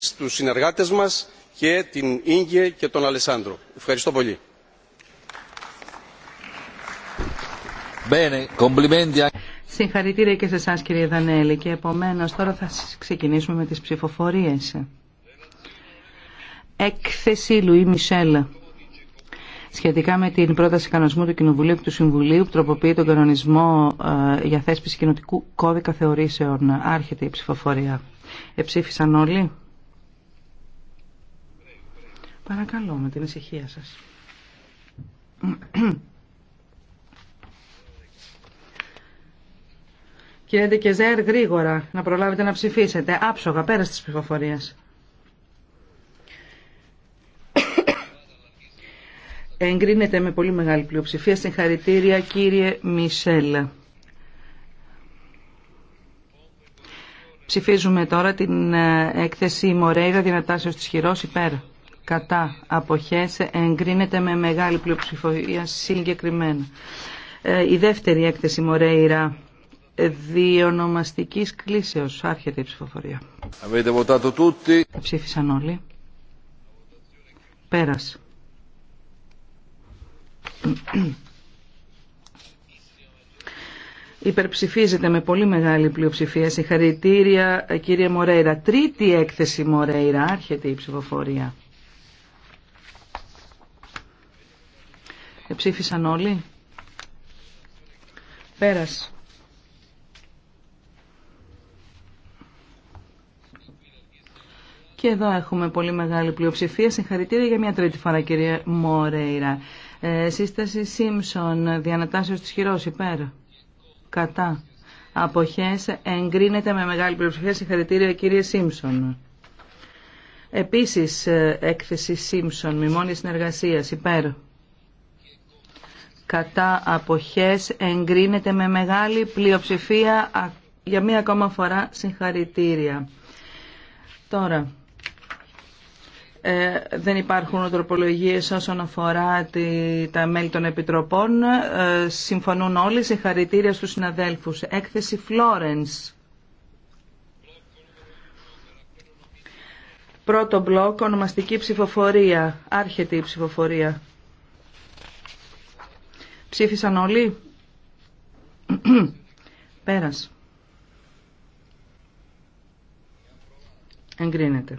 στους συνεργάτες μας και την Ίγκε και τον Αλεσάνδρο. Ευχαριστώ πολύ. Συγχαρητήρια και σε εσά κύριε Δανέλη και επομένως τώρα θα ξεκινήσουμε με τις ψηφοφορίες. Έκθεση Λουί Μισελ σχετικά με την πρόταση κανονισμού του Κοινοβουλίου και του Συμβουλίου που τροποποιεί τον κανονισμό ε, για θέσπιση κοινοτικού κώδικα θεωρήσεων. Άρχεται η ψηφοφορία. Εψήφισαν όλοι. Παρακαλώ με την ησυχία σας. Κύριε Ντεκεζέρ, γρήγορα να προλάβετε να ψηφίσετε. Άψογα, πέρα στις ψηφοφορίες. Εγκρίνεται με πολύ μεγάλη πλειοψηφία. Συγχαρητήρια κύριε Μισελ. Ψηφίζουμε τώρα την ε, έκθεση Μορέιδα Δυνατάσεως της Χειρός υπέρ κατά αποχές εγκρίνεται με μεγάλη πλειοψηφία συγκεκριμένα. Ε, η δεύτερη έκθεση Μορέιρα διονομαστικής κλίσεως. Άρχεται η ψηφοφορία. Ψήφισαν όλοι. Πέρας. Υπερψηφίζεται με πολύ μεγάλη πλειοψηφία. Συγχαρητήρια ε, κύριε Μορέιρα. Τρίτη έκθεση Μορέιρα. Άρχεται η ψηφοφορία. Εψήφισαν όλοι. Πέρας. Και εδώ έχουμε πολύ μεγάλη πλειοψηφία. Συγχαρητήρια για μια τρίτη φορά, κυρία Μορέιρα. Ε, σύσταση Σίμψον, διανατάσεως της χειρός, υπέρ. Κατά. Αποχές εγκρίνεται με μεγάλη πλειοψηφία. Συγχαρητήρια, κύριε Σίμψον. Επίσης, ε, έκθεση Σίμψον, μνημόνια συνεργασίας, υπέρ κατά αποχές εγκρίνεται με μεγάλη πλειοψηφία για μία ακόμα φορά συγχαρητήρια. Τώρα, ε, δεν υπάρχουν τροπολογίες όσον αφορά τη, τα μέλη των επιτροπών. Ε, συμφωνούν όλοι. Συγχαρητήρια στους συναδέλφους. Έκθεση Florence. Πρώτο μπλοκ, ονομαστική ψηφοφορία. Άρχεται η ψηφοφορία. Ψήφισαν όλοι. Πέρας. Εγκρίνεται.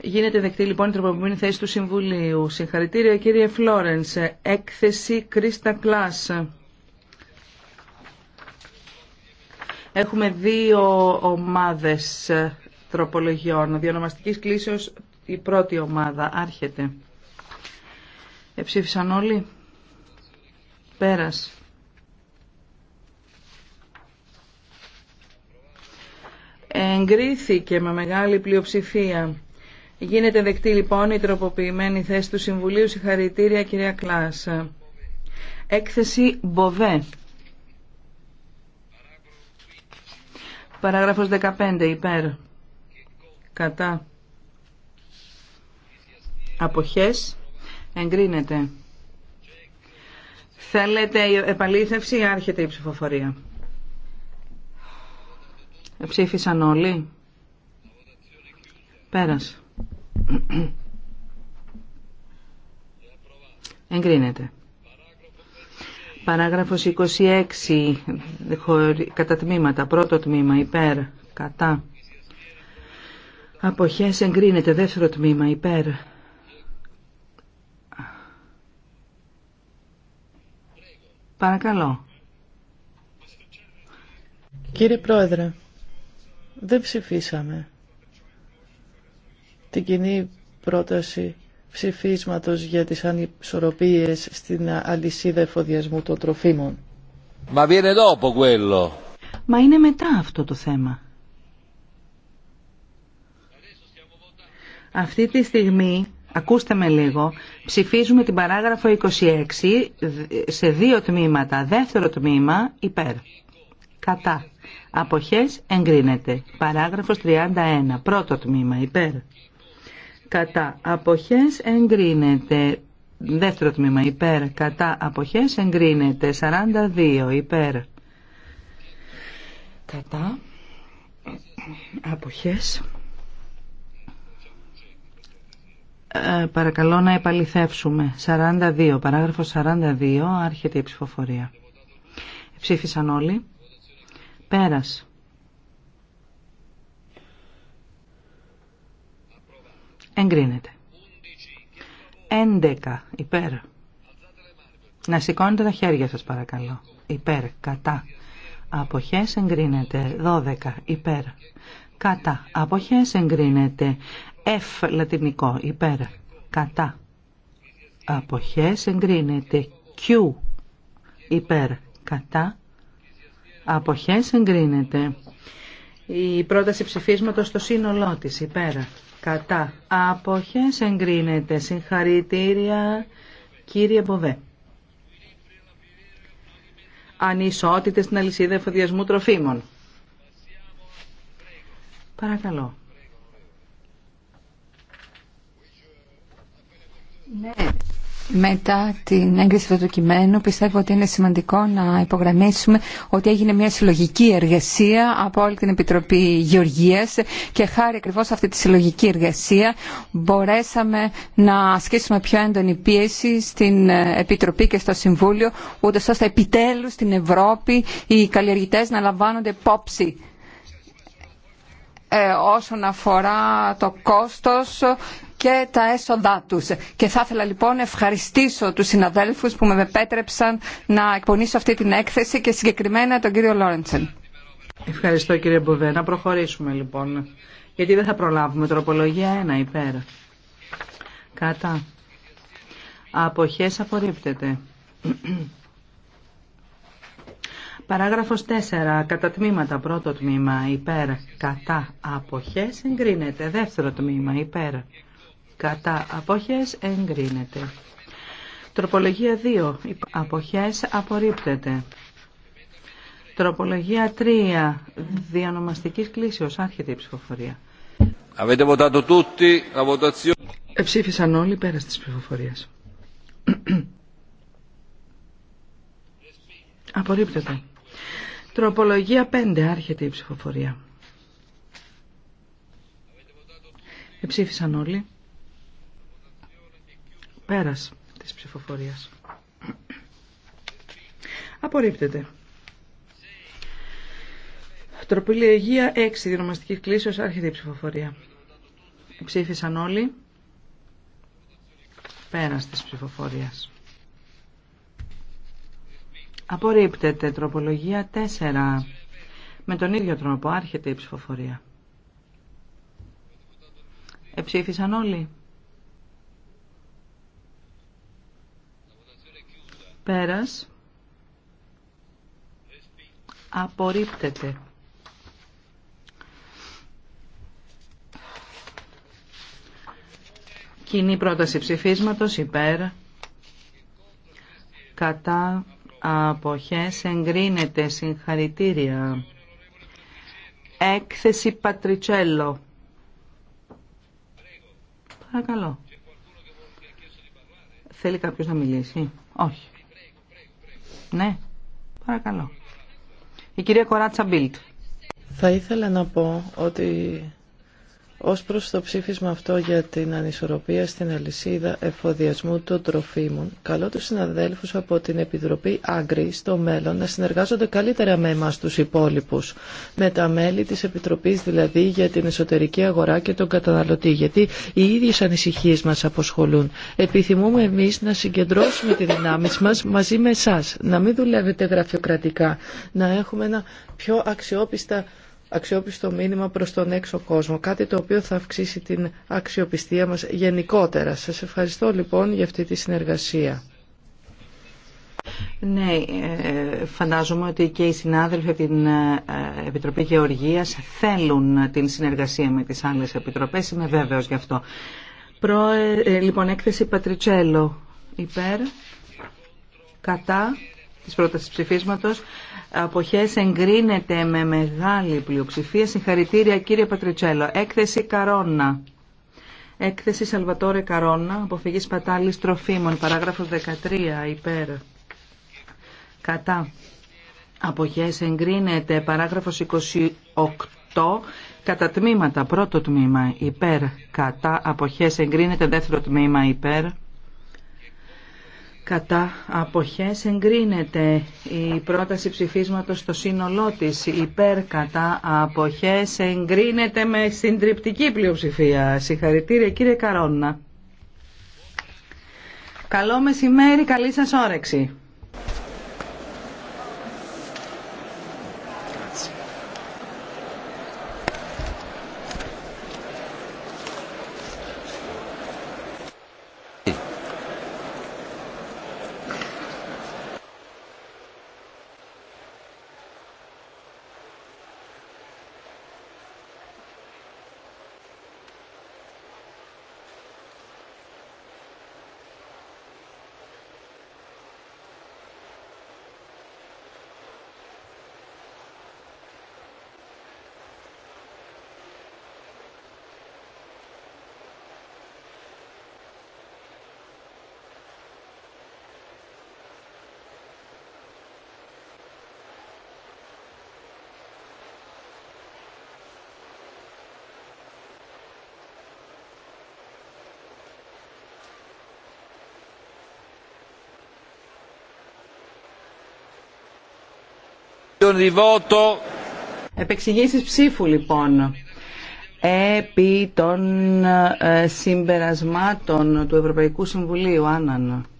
Γίνεται δεκτή λοιπόν η τροποποιημένη θέση του Συμβουλίου. Συγχαρητήρια κύριε Φλόρενς. Έκθεση Κρίστα Κλάς. Έχουμε δύο ομάδες τροπολογιών. Διονομαστικής κλήσεως η πρώτη ομάδα άρχεται. Εψήφισαν όλοι. Πέρας. Εγκρίθηκε με μεγάλη πλειοψηφία. Γίνεται δεκτή λοιπόν η τροποποιημένη θέση του Συμβουλίου. Συγχαρητήρια κυρία Κλάς. Έκθεση Μποβέ. Παράγραφος 15 υπέρ. Κατά. Αποχές. Εγκρίνεται. Θέλετε η επαλήθευση ή άρχεται η ψηφοφορία. Ψήφισαν όλοι. Πέρας. Εγκρίνεται. Παράγραφος 26. Κατά τμήματα. Πρώτο τμήμα. Υπέρ. Κατά. Αποχές εγκρίνεται. Δεύτερο τμήμα. Υπέρ Παρακαλώ. Κύριε Πρόεδρε, δεν ψηφίσαμε την κοινή πρόταση ψηφίσματος για τις ανισορροπίες στην αλυσίδα εφοδιασμού των τροφίμων. Μα Μα είναι μετά αυτό το θέμα. Αυτή τη στιγμή Ακούστε με λίγο. Ψηφίζουμε την παράγραφο 26 σε δύο τμήματα. Δεύτερο τμήμα υπέρ. Κατά. Αποχές εγκρίνεται. Παράγραφος 31. Πρώτο τμήμα υπέρ. Κατά. Αποχές εγκρίνεται. Δεύτερο τμήμα υπέρ. Κατά. Αποχές εγκρίνεται. 42 υπέρ. Κατά. Αποχές Ε, παρακαλώ να επαληθεύσουμε. 42, παράγραφος 42, άρχεται η ψηφοφορία. Ψήφισαν όλοι. Πέρας. Εγκρίνεται. 11, υπέρ. Να σηκώνετε τα χέρια σας παρακαλώ. Υπέρ, κατά. Αποχές εγκρίνεται. 12, υπέρ. Κατά. Αποχές εγκρίνεται. F λατινικό υπέρ κατά αποχές εγκρίνεται Q υπέρ κατά αποχές εγκρίνεται η πρόταση ψηφίσματος στο σύνολό της υπέρ κατά αποχές εγκρίνεται συγχαρητήρια κύριε Μποβέ ανισότητες στην αλυσίδα εφοδιασμού τροφίμων. Παρακαλώ. Ναι, μετά την έγκριση του κειμένου πιστεύω ότι είναι σημαντικό να υπογραμμίσουμε ότι έγινε μια συλλογική εργασία από όλη την Επιτροπή Γεωργίας και χάρη ακριβώ αυτή τη συλλογική εργασία μπορέσαμε να ασκήσουμε πιο έντονη πίεση στην Επιτροπή και στο Συμβούλιο ούτε ώστε επιτέλους στην Ευρώπη οι καλλιεργητές να λαμβάνονται υπόψη ε, όσον αφορά το κόστος και τα έσοδά τους. Και θα ήθελα λοιπόν να ευχαριστήσω τους συναδέλφους που με επέτρεψαν να εκπονήσω αυτή την έκθεση και συγκεκριμένα τον κύριο Λόρεντσεν. Ευχαριστώ κύριε Μποβέ. Να προχωρήσουμε λοιπόν. Γιατί δεν θα προλάβουμε τροπολογία ένα. υπέρ. Κατά. Αποχές απορρίπτεται. Παράγραφος 4. Κατά τμήματα. Πρώτο τμήμα. Υπέρ. Κατά. Αποχές εγκρίνεται. Δεύτερο τμήμα. Υπέρ κατά αποχές εγκρίνεται. Τροπολογία 2. Αποχές απορρίπτεται. Τροπολογία 3. Διανομαστικής κλήσεως. Άρχεται η ψηφοφορία. Εψήφισαν όλοι πέρα της ψηφοφορίας. Απορρίπτεται. Τροπολογία 5. Άρχεται η ψηφοφορία. Εψήφισαν όλοι. Πέρας της ψηφοφορίας. Απορρίπτεται. Τροπολογία 6, διονομαστική ως άρχεται η ψηφοφορία. Ψήφισαν όλοι. Πέρας της ψηφοφορίας. Απορρίπτεται τροπολογία 4. Με τον ίδιο τρόπο άρχεται η ψηφοφορία. Εψήφισαν όλοι. Πέρας. Απορρίπτεται. Κοινή πρόταση ψηφίσματος υπέρ. Κατά αποχές εγκρίνεται συγχαρητήρια. Έκθεση Πατριτσέλο. Παρακαλώ. Θέλει κάποιος να μιλήσει. Όχι. Ναι, παρακαλώ. Η κυρία Κοράτσα Μπίλτ. Θα ήθελα να πω ότι ως προς το ψήφισμα αυτό για την ανισορροπία στην αλυσίδα εφοδιασμού των τροφίμων, καλώ τους συναδέλφους από την Επιτροπή Άγκρη στο μέλλον να συνεργάζονται καλύτερα με εμάς τους υπόλοιπους, με τα μέλη της Επιτροπής δηλαδή για την εσωτερική αγορά και τον καταναλωτή, γιατί οι ίδιες ανησυχίες μας αποσχολούν. Επιθυμούμε εμείς να συγκεντρώσουμε τη δυνάμεις μας μαζί με εσά, να μην δουλεύετε γραφειοκρατικά, να έχουμε ένα πιο αξιόπιστα αξιόπιστο μήνυμα προς τον έξω κόσμο, κάτι το οποίο θα αυξήσει την αξιοπιστία μας γενικότερα. Σας ευχαριστώ λοιπόν για αυτή τη συνεργασία. Ναι, ε, φαντάζομαι ότι και οι συνάδελφοι από την ε, Επιτροπή Γεωργίας θέλουν την συνεργασία με τις άλλες επιτροπές, είμαι βέβαιος γι' αυτό. Προ, ε, λοιπόν, έκθεση Πατριτσέλο υπέρ, κατά, της πρότασης ψηφίσματος. Αποχές εγκρίνεται με μεγάλη πλειοψηφία. Συγχαρητήρια κύριε Πατριτσέλο. Έκθεση Καρόνα. Έκθεση Σαλβατόρε Καρόνα. Αποφυγή πατάλης τροφίμων. Παράγραφος 13. Υπέρ. Κατά. Αποχές εγκρίνεται. Παράγραφος 28. Κατά τμήματα. Πρώτο τμήμα. Υπέρ. Κατά. Αποχές εγκρίνεται. Δεύτερο τμήμα. Υπέρ Κατά αποχές εγκρίνεται η πρόταση ψηφίσματος στο σύνολό της. Υπέρ κατά αποχές εγκρίνεται με συντριπτική πλειοψηφία. Συγχαρητήρια κύριε Καρόνα. Καλό μεσημέρι, καλή σας όρεξη. Επεξηγήσεις ψήφου λοιπόν επί των ε, συμπερασμάτων του Ευρωπαϊκού Συμβουλίου Άννα.